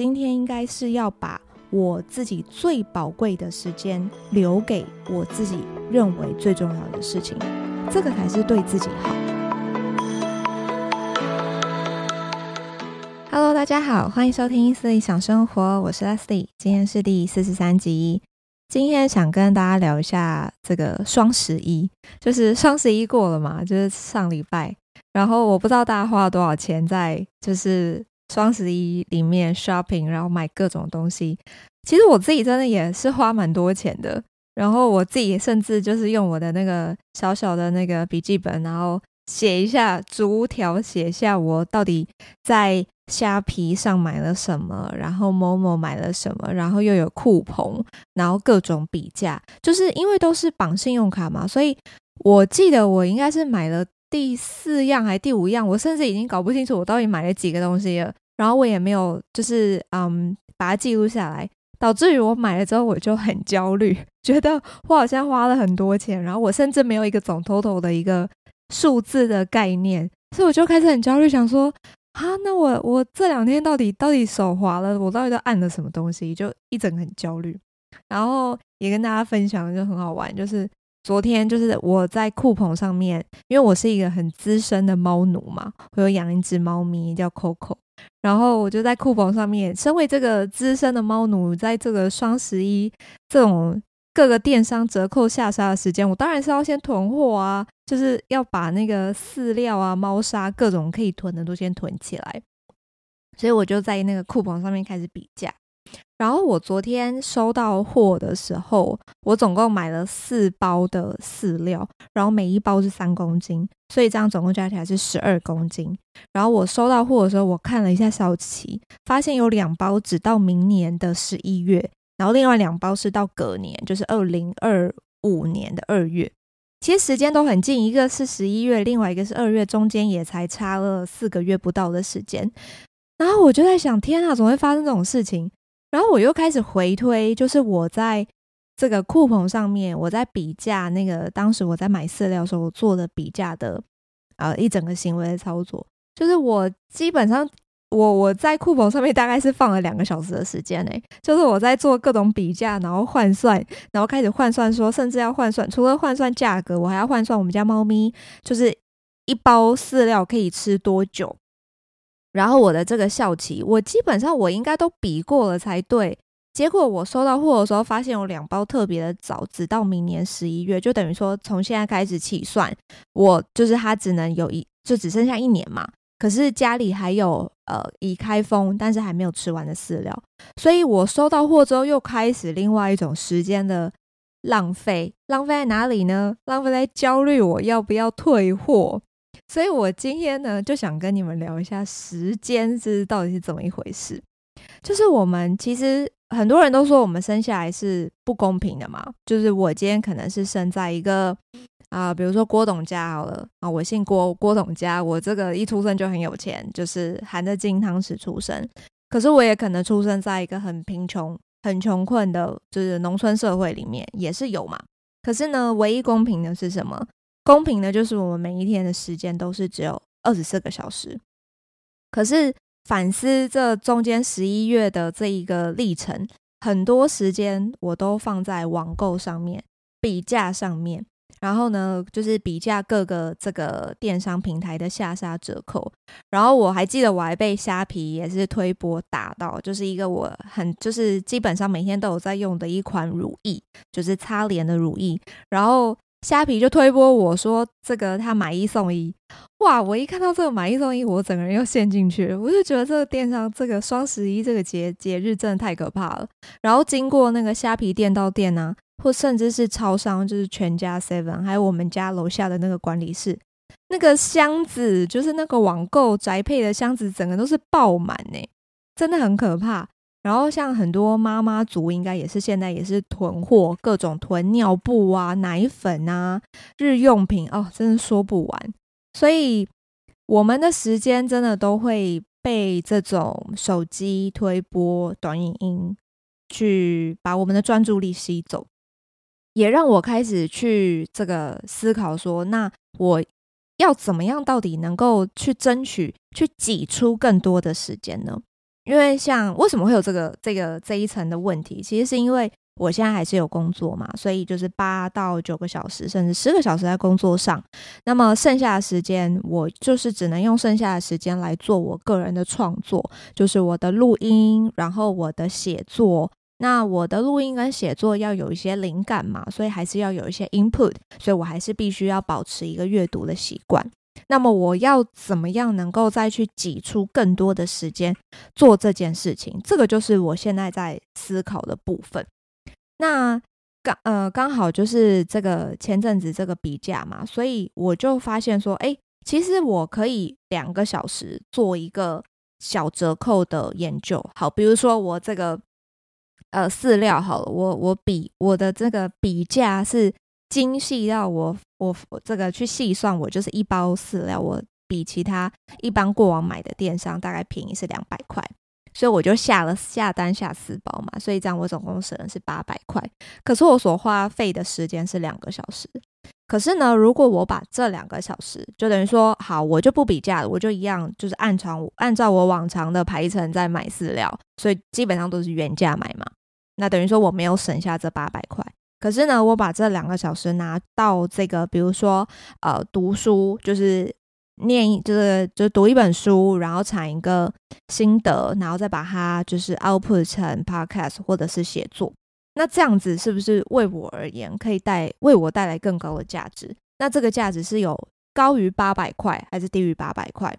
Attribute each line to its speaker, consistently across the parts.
Speaker 1: 今天應該是要把我自己最寶貴的時間留給我自己認為最重要的事情，這個才是對自己好。Hello，大家好，歡迎收聽 Les 理想生活，我是 Lesley，今天是第四十三集。今天想跟大家聊一下這個雙十一，就是雙十一過了嘛，就是上禮拜，然後我不知道大家花了多少錢在，就是。雙十一裡面 shopping，然後買各種東西，其實我自己真的也是花蠻多錢的。然後我自己甚至就是用我的那個小小的那個筆記本，然後寫一下，逐條寫一下我到底在蝦皮上買了什麼，然後 momo 買了什麼，然後又有酷朋，然後各種比價，就是因為都是綁信用卡嘛，所以我記得我應該是買了，第四樣還是第五樣，我甚至已經搞不清楚我到底買了幾個東西了。然後我也沒有，就是嗯，把它記錄下來，導致於我買了之後我就很焦慮，覺得我好像花了很多錢。然後我甚至沒有一個總 total 的一個數字的概念，所以我就開始很焦慮，想說啊，那我我這兩天到底到底手滑了，我到底都按了什麼東西？就一整個很焦慮。然後也跟大家分享，就很好玩，就是。昨天就是我在酷澎上面，因為我是一個很資深的貓奴嘛，我有養一只貓咪叫 Coco，然後我就在酷澎上面，身為這個資深的貓奴，在這個雙十一這種各個電商折扣下殺的時間，我當然是要先囤貨啊，就是要把那個飼料啊、貓砂各種可以囤的都先囤起來，所以我就在那個酷澎上面開始比價。然後我昨天收到貨的時候，我總共買了四包的飼料，然後每一包是三公斤，所以這樣總共加起來是十二公斤。然後我收到貨的時候，我看了一下效期，發現有兩包只到明年的十一月，然後另外兩包是到隔年，就是二零二五年的二月。其實時間都很近，一個是十一月，另外一個是二月，中間也才差了四個月不到的時間。然後我就在想，天啊，怎麼會發生這種事情？然後我又開始回推，就是我在這個酷澎上面，我在比價那個當時我在買飼料的時候，我做的比價的啊、呃、一整個行為的操作，就是我基本上我我在酷澎上面大概是放了兩個小時的時間呢、欸，就是我在做各種比價，然後換算，然後開始換算說，甚至要換算除了換算價格，我還要換算我們家貓咪就是一包飼料可以吃多久。然後我的這個效期，我基本上我應該都比過了才對。結果我收到貨的時候，發現有兩包特別的早，直到明年十一月，就等於說從現在開始起算，我就是它只能有一，就只剩下一年嘛。可是家裡還有呃已開封但是還沒有吃完的飼料，所以我收到貨之後又開始另外一種時間的浪費。浪費在哪裡呢？浪費在焦慮我要不要退貨。所以，我今天呢就想跟你們聊一下時間是到底是怎麼一回事。就是我們其實很多人都說我們生下來是不公平的嘛。就是我今天可能是生在一個啊、呃，比如說郭董家好了啊，我姓郭，郭董家，我這個一出生就很有錢，就是含着金湯匙出生。可是我也可能出生在一個很貧窮、很窮困的，就是農村社會裡面也是有嘛。可是呢，唯一公平的是什麼？公平的，就是我們每一天的時間都是只有二十四個小時。可是反思這中間十一月的這一個歷程，很多時間我都放在網購上面、比價上面。然後呢，就是比價各個這個電商平台的下殺折扣。然後我還記得，我還被蝦皮也是推波打到，就是一個我很就是基本上每天都有在用的一款乳液，就是擦臉的乳液。然後。蝦皮就推播我說，這個他買一送一，哇！我一看到這個買一送一，我整個人又陷進去了，我就覺得這個電商、這個雙十一這個節節日真的太可怕了。然後經過那個蝦皮店到店呢、啊，或甚至是超商，就是全家 seven，還有我們家樓下的那個管理室，那個箱子就是那個網購宅配的箱子，整個都是爆滿哎，真的很可怕。然後，像很多媽媽族，應該也是現在也是囤貨，各種囤尿布啊、奶粉啊、日用品哦，真的說不完。所以，我們的時間真的都會被這種手機推播、短影音去把我們的專注力吸走，也讓我開始去這個思考說，那我要怎麼樣，到底能夠去爭取、去擠出更多的時間呢？因為像為什麼會有這個這個這一層的問題，其實是因為我現在還是有工作嘛，所以就是八到九個小時甚至十個小時在工作上，那麼剩下的時間我就是只能用剩下的時間來做我個人的創作，就是我的錄音，然後我的寫作。那我的錄音跟寫作要有一些靈感嘛，所以還是要有一些 input，所以我還是必須要保持一個閱讀的習慣。那麼我要怎麼樣能夠再去擠出更多的時間做這件事情？這個就是我現在在思考的部分。那剛呃剛好就是這個前陣子這個比價嘛，所以我就發現說，欸，其實我可以兩個小時做一個小折扣的研究。好，比如說我這個呃飼料好了，我我比我的這個比價是。精細到我我，我這個去細算，我就是一包飼料，我比其他一般過往買的電商大概便宜是兩百塊，所以我就下了下單下四包嘛，所以這樣我總共省了是八百塊。可是我所花費的時間是兩個小時。可是呢，如果我把這兩個小時，就等於說，好，我就不比價了，我就一樣就是按常按照我往常的排程在買飼料，所以基本上都是原價買嘛。那等於說我沒有省下這八百塊。可是呢，我把這兩個小時拿到這個，比如說，呃，讀書就是念，就是就是讀一本書，然後產一個心得，然後再把它就是 output 成 podcast 或者是寫作。那這樣子是不是為我而言可以帶，為我帶來更高的價值？那這個價值是有高於八百塊還是低於八百塊？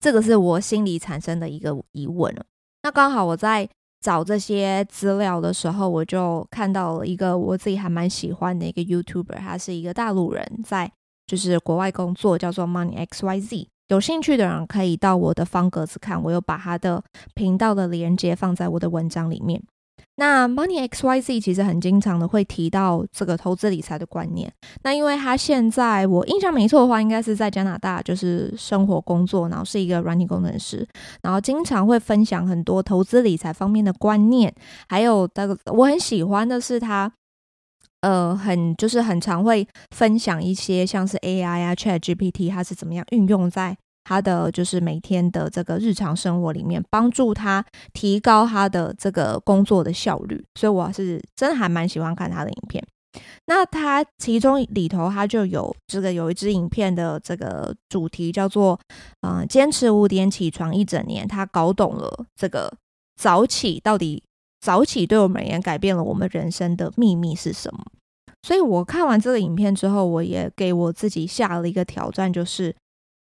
Speaker 1: 這個是我心裡產生的一個疑問了。那剛好我在。找這些資料的時候，我就看到了一個我自己還蠻喜歡的一個 YouTuber，他是一個大陸人，在就是國外工作，叫做 Money XYZ。有興趣的人可以到我的方格子看，我有把他的頻道的鏈接放在我的文章裡面。那 Money X Y Z 其實很經常的會提到這個投資理財的觀念。那因為他現在我印象沒錯的話，應該是在加拿大就是生活工作，然後是一個軟體工程師，然後經常會分享很多投資理財方面的觀念。還有，那個我很喜歡的是他，呃，很就是很常會分享一些像是 AI 啊 ChatGPT，它是怎麼樣運用在。他的就是每天的這個日常生活裡面，幫助他提高他的這個工作的效率，所以我是真的還蠻喜歡看他的影片。那他其中裡頭，他就有這個有一支影片的這個主題叫做“嗯，堅持五點起床一整年，他搞懂了這個早起到底早起對我們而言改變了我們人生的秘密是什麼。”所以，我看完這個影片之後，我也給我自己下了一個挑戰，就是，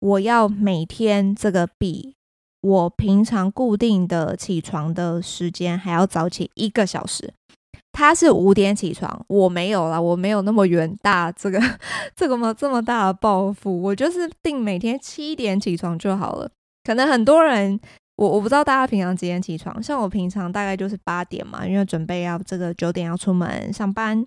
Speaker 1: 我要每天這個比我平常固定的起床的時間還要早起一個小時。他是五點起床，我沒有啦，我沒有那麼遠大這個這個嘛，這麼大的抱負，我就是定每天七點起床就好了。可能很多人，我我不知道大家平常幾點起床，像我平常大概就是八點嘛，因為準備要這個九點要出門上班。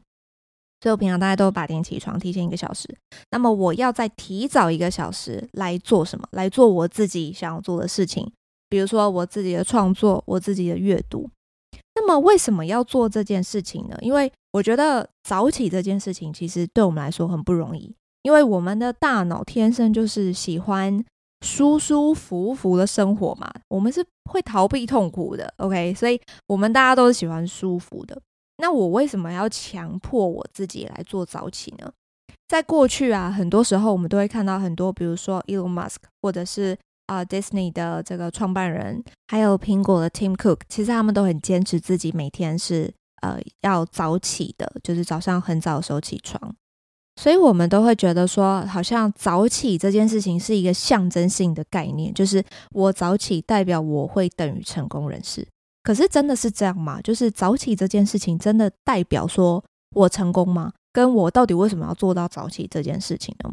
Speaker 1: 所以我平常大家都八點起床，提前一個小時。那麼我要再提早一個小時來做什麼？來做我自己想要做的事情，比如說我自己的創作，我自己的閱讀。那麼為什麼要做這件事情呢？因為我覺得早起這件事情其實對我們來說很不容易，因為我們的大腦天生就是喜歡舒舒服服的生活嘛，我們是會逃避痛苦的。OK，所以我們大家都是喜歡舒服的。那我為什麼要強迫我自己來做早起呢？在過去啊，很多時候我們都會看到很多，比如說 Elon Musk，或者是啊、呃、Disney 的這個創辦人，還有蘋果的 Tim Cook，其實他們都很堅持自己每天是呃要早起的，就是早上很早的時候起床。所以，我們都會覺得說，好像早起這件事情是一個象徵性的概念，就是我早起代表我會等於成功人士。可是真的是這樣嗎？就是早起這件事情真的代表說我成功嗎？跟我到底為什麼要做到早起這件事情呢？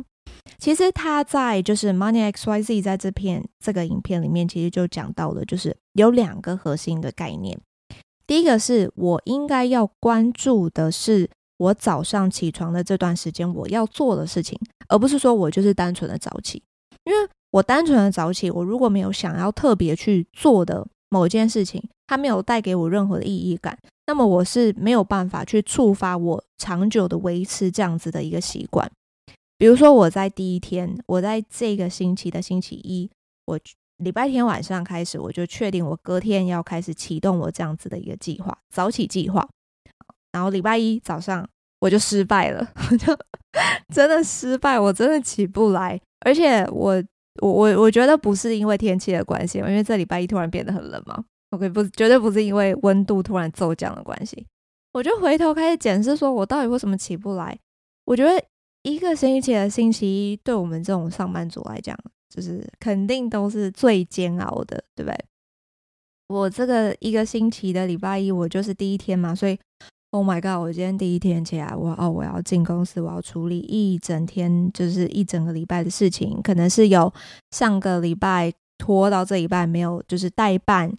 Speaker 1: 其實他在就是 Money XYZ 在這片這個影片裡面，其實就講到了，就是有兩個核心的概念。第一個是我應該要關注的是我早上起床的這段時間我要做的事情，而不是說我就是單純的早起。因為我單純的早起，我如果沒有想要特別去做的。某件事情，它沒有帶給我任何的意義感，那麼我是沒有辦法去觸發我長久的維持這樣子的一個習慣。比如說，我在第一天，我在這個星期的星期一，我禮拜天晚上開始，我就確定我隔天要開始啟動我這樣子的一個計劃——早起計劃。然後禮拜一早上我就失敗了，我 就真的失敗，我真的起不來，而且我。我我我覺得不是因為天氣的關係，因為這禮拜一突然變得很冷嘛。OK，不絕對不是因為溫度突然驟降的關係。我就回頭開始檢視說，我到底為什麼起不來。我覺得一個星期的星期一，對我們這種上班族來講，就是肯定都是最煎熬的，對不對？我這個一個星期的禮拜一，我就是第一天嘛，所以。Oh my god！我今天第一天起來，我哦，我要進公司，我要處理一整天，就是一整個禮拜的事情。可能是有上個禮拜拖到這禮拜沒有，就是代辦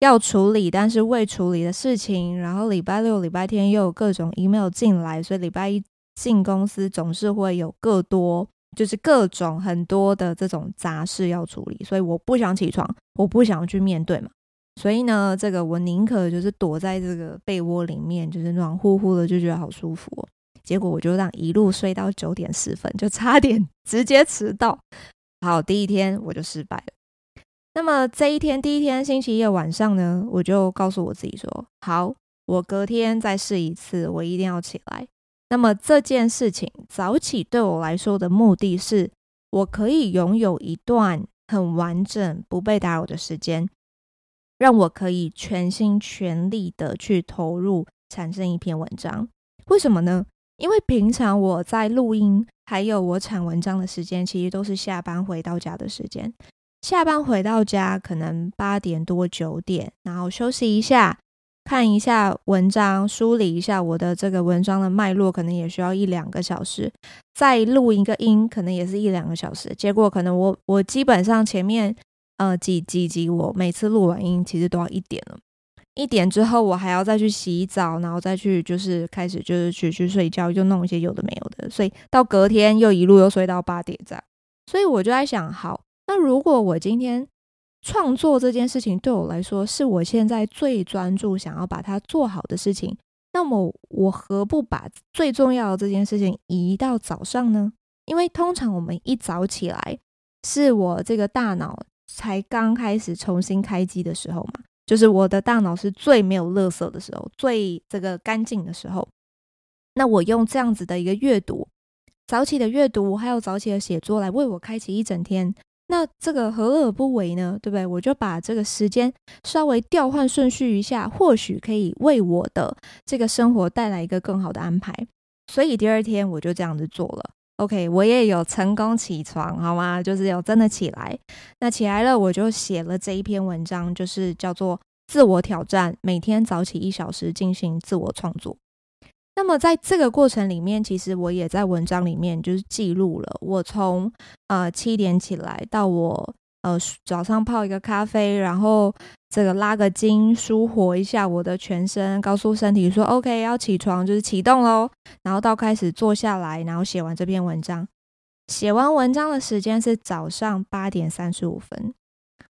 Speaker 1: 要處理，但是未處理的事情。然後禮拜六、禮拜天又有各種 email 進來，所以禮拜一進公司總是會有各多，就是各種很多的這種雜事要處理。所以我不想起床，我不想去面對嘛。所以呢，這個我寧可就是躲在這個被窩裡面，就是暖乎乎的，就覺得好舒服哦。結果我就這樣一路睡到九點十分，就差點直接遲到。好，第一天我就失敗了。那麼這一天，第一天星期一的晚上呢，我就告訴我自己說：“好，我隔天再試一次，我一定要起來。”那麼這件事情，早起對我來說的目的是，我可以擁有一段很完整、不被打擾的時間。讓我可以全心全力的去投入產生一篇文章，為什麼呢？因為平常我在錄音還有我產文章的時間，其實都是下班回到家的時間。下班回到家可能八點多九點，然後休息一下，看一下文章，梳理一下我的這個文章的脈絡，可能也需要一兩個小時。再錄一個音，可能也是一兩個小時。結果可能我我基本上前面。呃，幾幾幾，我每次錄完音其實都要一點了，一點之後我還要再去洗澡，然後再去就是開始就是去去睡覺，就弄一些有的沒有的，所以到隔天又一路又睡到八點這樣啊，所以我就在想，好，那如果我今天創作這件事情對我來說是我現在最專注想要把它做好的事情，那麼我何不把最重要的這件事情移到早上呢？因為通常我們一早起來是我這個大腦。才剛開始重新開機的時候嘛，就是我的大腦是最沒有垃圾的時候，最這個乾淨的時候。那我用這樣子的一個閱讀，早起的閱讀，還有早起的寫作來為我開啟一整天。那這個何樂而不為呢？對不對？我就把這個時間稍微調換順序一下，或許可以為我的這個生活帶來一個更好的安排。所以第二天我就這樣子做了。OK，我也有成功起床，好嗎？就是有真的起來。那起來了，我就寫了這一篇文章，就是叫做“自我挑戰，每天早起一小時進行自我創作”。那麼在這個過程裡面，其實我也在文章裡面就是記錄了我從呃七點起來到我呃早上泡一個咖啡，然後。這個拉個筋，舒活一下我的全身，告訴身體說：“OK，要起床，就是啟動咯。”然後到開始坐下來，然後寫完這篇文章。寫完文章的時間是早上八點三十五分，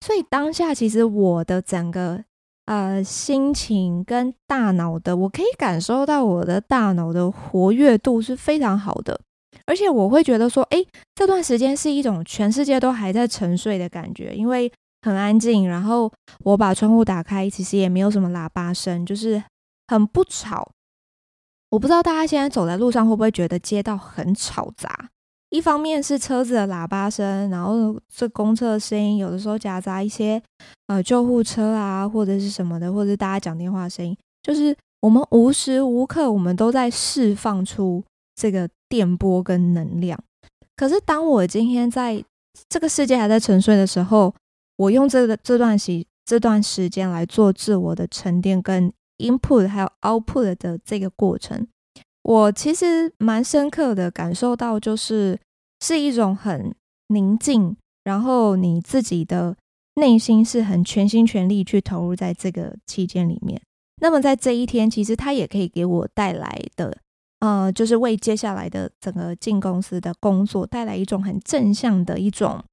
Speaker 1: 所以當下其實我的整個呃心情跟大腦的，我可以感受到我的大腦的活躍度是非常好的，而且我會覺得說：“誒，這段時間是一種全世界都還在沉睡的感覺，因為。”很安靜，然後我把窗戶打開，其實也沒有什麼喇叭聲，就是很不吵。我不知道大家現在走在路上會不會覺得街道很吵雜，一方面是車子的喇叭聲，然後這公車的聲音，有的時候夾雜一些呃救護車啊或者是什麼的，或者是大家講電話的聲音，就是我們無時無刻我們都在釋放出這個電波跟能量。可是當我今天在這個世界還在沉睡的時候。我用這個這段時這段時間來做自我的沉澱跟 input，還有 output 的這個過程，我其實蠻深刻的感受到，就是是一種很寧靜，然後你自己的內心是很全心全力去投入在這個期間裡面。那麼在這一天，其實它也可以給我帶來的，呃，就是為接下來的整個進公司的工作帶來一種很正向的一種。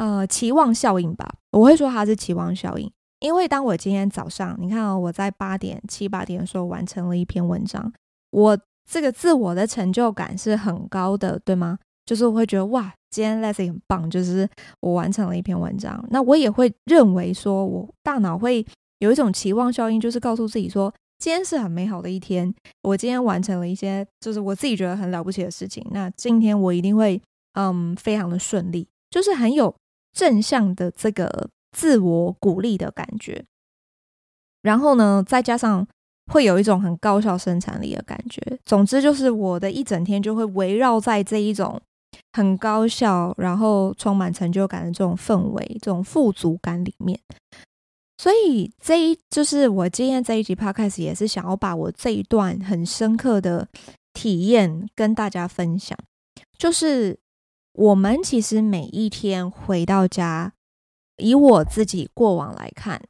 Speaker 1: 呃，期望效應吧，我會說它是期望效應，因為當我今天早上，你看哦，我在八點七八點的時候完成了一篇文章，我這個自我的成就感是很高的，對嗎？就是我會覺得哇，今天 Lesley 很棒，就是我完成了一篇文章，那我也會認為說，我大腦會有一種期望效應，就是告訴自己說，今天是很美好的一天，我今天完成了一些，就是我自己覺得很了不起的事情，那今天我一定會嗯，非常的順利，就是很有。正向的這個自我鼓勵的感覺，然後呢，再加上會有一種很高效生產力的感覺。總之，就是我的一整天就會圍繞在這一種很高效，然後充滿成就感的這種氛圍、這種富足感裡面。所以，這一就是我今天這一集 Podcast 也是想要把我這一段很深刻的體驗跟大家分享，就是。我們其實每一天回到家，以我自己過往來看，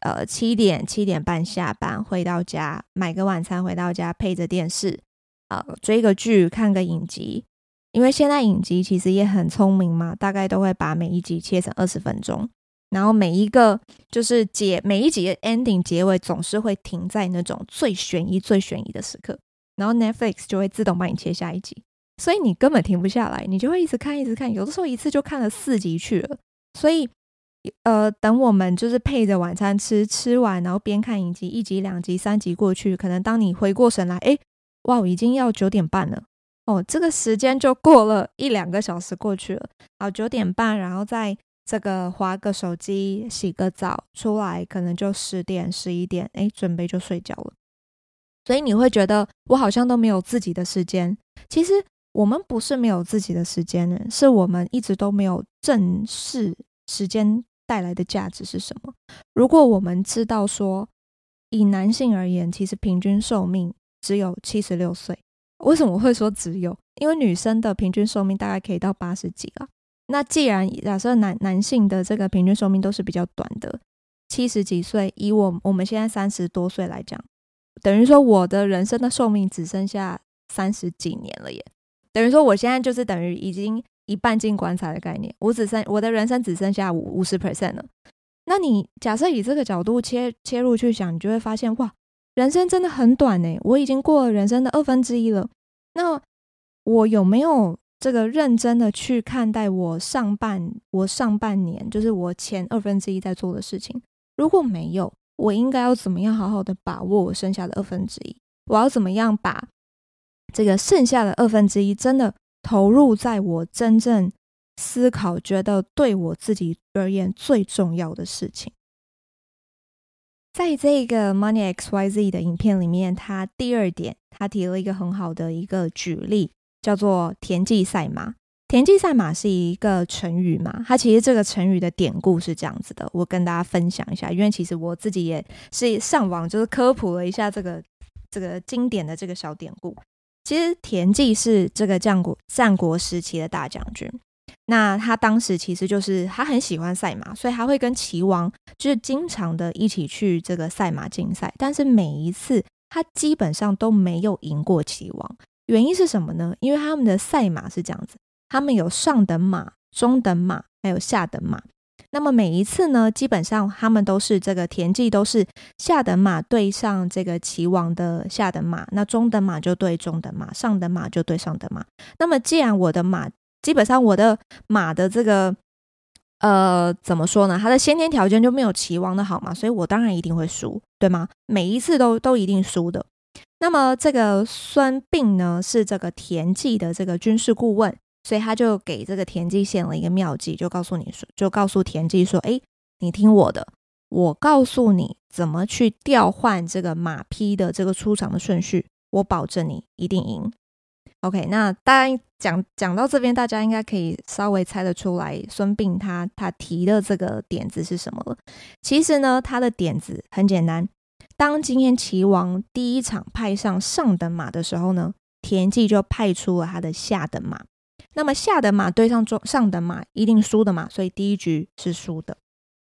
Speaker 1: 呃，七點七點半下班回到家，買個晚餐，回到家配着電視，呃，追個劇，看個影集。因為現在影集其實也很聰明嘛，大概都會把每一集切成二十分鐘，然後每一個就是結每一集的 ending 結尾總是會停在那種最懸疑、最懸疑的時刻，然後 Netflix 就會自動幫你切下一集。所以你根本停不下來，你就會一直看，一直看。有的時候一次就看了四集去了。所以，呃，等我們就是配着晚餐吃，吃完然後邊看影集，一集，兩集，三集過去，可能當你回過神來，哎，哇，已經要九點半了，哦，這個時間就過了一兩個小時過去了。好，九點半，然後再這個滑個手機、洗個澡出來，可能就十點、十一點，哎，準備就睡覺了。所以你會覺得我好像都沒有自己的時間，其實。我們不是沒有自己的時間呢，是我們一直都沒有正視時間帶來的價值是什麼。如果我們知道說，以男性而言，其實平均壽命只有七十六歲。為什麼會說只有？因為女生的平均壽命大概可以到八十幾啊。那既然假設男男性的這個平均壽命都是比較短的，七十幾歲，以我我們現在三十多歲來講，等於說我的人生的壽命只剩下三十幾年了，耶。等於說，我現在就是等於已經一半進棺材的概念，我只剩我的人生只剩下五五十 percent 了。那你假設以這個角度切切入去想，你就會發現，哇，人生真的很短呢、欸，我已經過了人生的二分之一了。那我有沒有這個認真的去看待我上半我上半年，就是我前二分之一在做的事情？如果沒有，我應該要怎麼樣好好的把握我剩下的二分之一？2? 我要怎麼樣把？這個剩下的二分之一，真的投入在我真正思考、覺得對我自己而言最重要的事情。在這個 Money X Y Z 的影片裡面，他第二點，他提了一個很好的一個舉例，叫做“田忌賽馬”。田忌賽馬是一個成語嘛？它其實這個成語的典故是這樣子的，我跟大家分享一下，因為其實我自己也是上網就是科普了一下這個這個經典的這個小典故。其實田忌是這個戰國戰國時期的大將軍，那他當時其實就是他很喜歡賽馬，所以他會跟齊王就是經常的一起去這個賽馬競賽，但是每一次他基本上都沒有贏過齊王，原因是什麼呢？因為他們的賽馬是這樣子，他們有上等馬、中等馬，還有下等馬。那麼每一次呢，基本上他們都是這個田忌都是下等馬對上這個齊王的下等馬，那中等馬就對中等馬，上等馬就對上等馬。那麼既然我的馬基本上我的馬的這個呃怎麼說呢？它的先天條件就沒有齊王的好嘛，所以我當然一定會輸，對嗎？每一次都都一定輸的。那麼這個孫臏呢，是這個田忌的這個軍事顧問。所以他就給這個田忌獻了一個妙計，就告訴你說，就告訴田忌說：“哎，你聽我的，我告訴你怎麼去調換這個馬匹的這個出場的順序，我保證你一定贏。” OK，那大家講講到這邊，大家應該可以稍微猜得出來，孫臏他他提的這個點子是什麼了？其實呢，他的點子很簡單：當今天齊王第一場派上上等馬的時候呢，田忌就派出了他的下等馬。那麼下等馬對上中上等馬一定輸的嘛，所以第一局是輸的。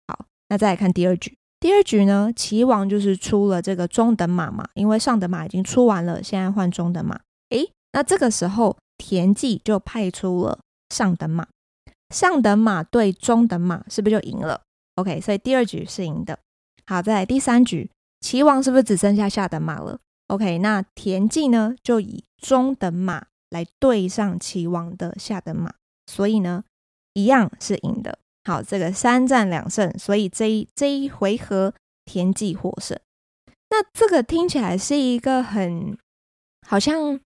Speaker 1: 好，那再來看第二局，第二局呢，齊王就是出了這個中等馬嘛，因為上等馬已經出完了，現在換中等馬。誒、欸，那這個時候田忌就派出了上等馬，上等馬對中等馬是不是就贏了？OK，所以第二局是贏的。好，再來第三局，齊王是不是只剩下下等馬了？OK，那田忌呢就以中等馬。來對上齊王的下等馬，所以呢，一樣是贏的。好，這個三戰兩勝，所以這一這一回合田忌獲勝。那這個聽起來是一個很，好像，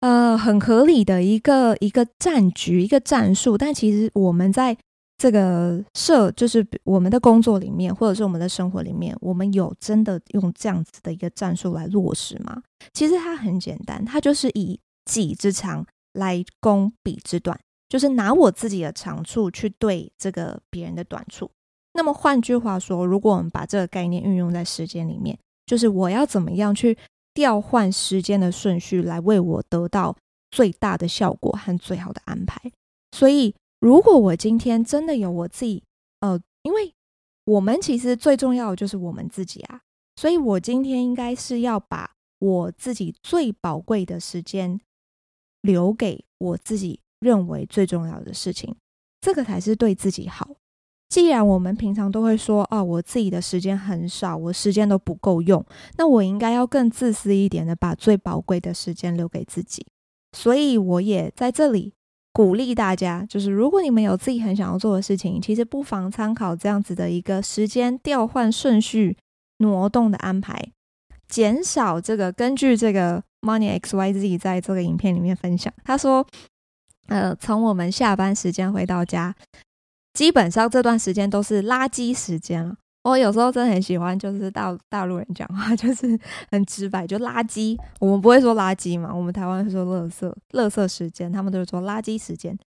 Speaker 1: 呃很合理的一個一個戰局，一個戰術，但其實我們在這個社，就是我們的工作裡面，或者是我們的生活裡面，我們有真的用這樣子的一個戰術來落實嗎？其實它很簡單，它就是以。己之長來攻彼之短，就是拿我自己的長處去對這個別人的短處。那麼換句話說，如果我們把這個概念運用在時間裡面，就是我要怎麼樣去調換時間的順序，來為我得到最大的效果和最好的安排。所以，如果我今天真的有我自己，呃，因為我們其實最重要的就是我們自己啊，所以我今天應該是要把我自己最寶貴的時間。留給我自己認為最重要的事情，這個才是對自己好。既然我們平常都會說哦、啊，我自己的時間很少，我時間都不夠用，那我應該要更自私一點的，把最寶貴的時間留給自己。所以我也在這裡鼓勵大家，就是如果你們有自己很想要做的事情，其實不妨參考這樣子的一個時間調換順序、挪動的安排，減少這個根據這個。Money XYZ 在這個影片裡面分享，他說：“呃，從我們下班時間回到家，基本上這段時間都是垃圾時間了。我有時候真的很喜歡，就是大大陸人講話，就是很直白，就垃圾。我們不會說垃圾嘛，我們台灣是說‘樂色’，樂色時間，他們都是說垃圾時間。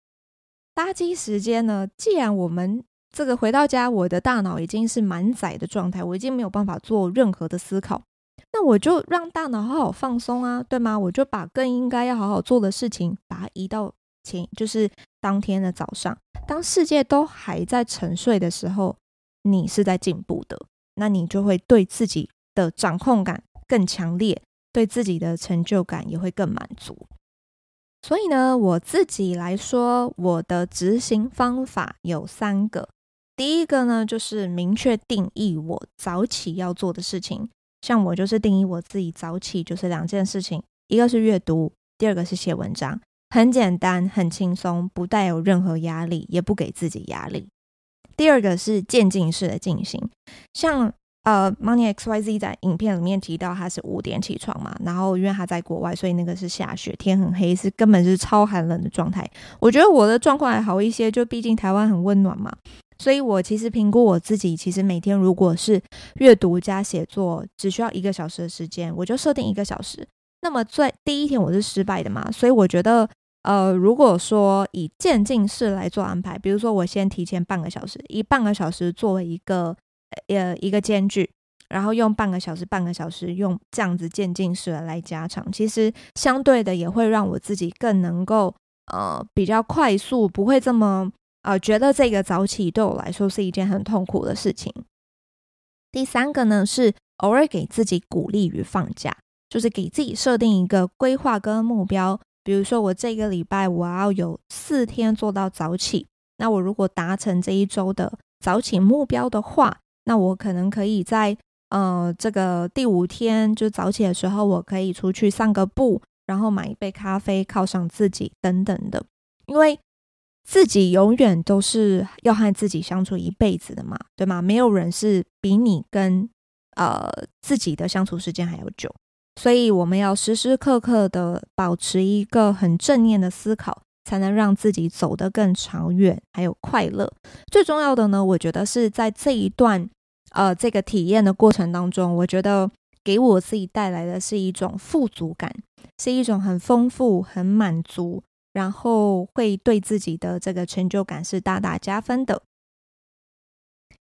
Speaker 1: 垃圾時間呢？既然我們這個回到家，我的大腦已經是滿載的狀態，我已經沒有辦法做任何的思考。”那我就讓大腦好好放鬆啊，對嗎？我就把更應該要好好做的事情，把它移到前，就是當天的早上。當世界都還在沉睡的時候，你是在進步的，那你就會對自己的掌控感更強烈，對自己的成就感也會更滿足。所以呢，我自己來說，我的執行方法有三個。第一個呢，就是明確定義我早起要做的事情。像我就是定義我自己早起就是兩件事情，一個是閱讀，第二個是寫文章，很簡單，很輕鬆，不帶有任何壓力，也不給自己壓力。第二個是漸進式的進行，像呃 Money XYZ 在影片裡面提到他是五點起床嘛，然後因為他在國外，所以那個是下雪，天很黑，是根本是超寒冷的狀態。我覺得我的狀況還好一些，就畢竟台灣很溫暖嘛。所以我其實評估我自己，其實每天如果是閱讀加寫作，只需要一個小時的時間，我就設定一個小時。那麼在第一天我是失敗的嘛？所以我覺得，呃，如果說以漸進式來做安排，比如說我先提前半個小時，以半個小時作為一個呃一個間距，然後用半個小時，半個小時用這樣子漸進式來加長，其實相對的也會讓我自己更能夠呃比較快速，不會這麼。啊、呃，覺得這個早起對我來說是一件很痛苦的事情。第三個呢，是偶爾給自己鼓勵與放假，就是給自己設定一個規劃跟目標。比如說，我這個禮拜我要有四天做到早起，那我如果達成這一周的早起目標的話，那我可能可以在呃這個第五天就早起的時候，我可以出去散個步，然後買一杯咖啡犒賞自己等等的，因為。自己永遠都是要和自己相處一輩子的嘛，對嗎？沒有人是比你跟呃自己的相處時間還要久，所以我們要時時刻刻的保持一個很正念的思考，才能讓自己走得更長遠，還有快樂。最重要的呢，我覺得是在這一段呃這個體驗的過程當中，我覺得給我自己帶來的是一種富足感，是一種很豐富、很滿足。然後會對自己的這個成就感是大大加分的。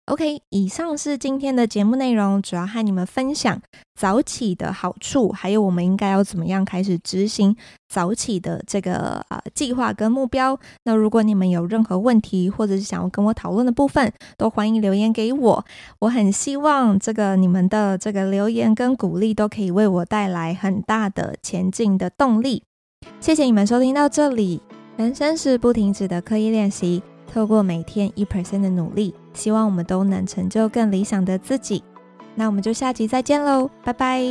Speaker 1: OK，以上是今天的節目內容，主要和你們分享早起的好處，還有我們應該要怎麼樣開始執行早起的這個呃計劃跟目標。那如果你們有任何問題，或者是想要跟我討論的部分，都歡迎留言給我。我很希望這個你們的這個留言跟鼓勵都可以為我帶來很大的前進的動力。謝謝你們收聽到這裡，人生是不停止的刻意練習，透過每天一 percent 的努力，希望我們都能成就更理想的自己。那我們就下集再見嘍，拜拜。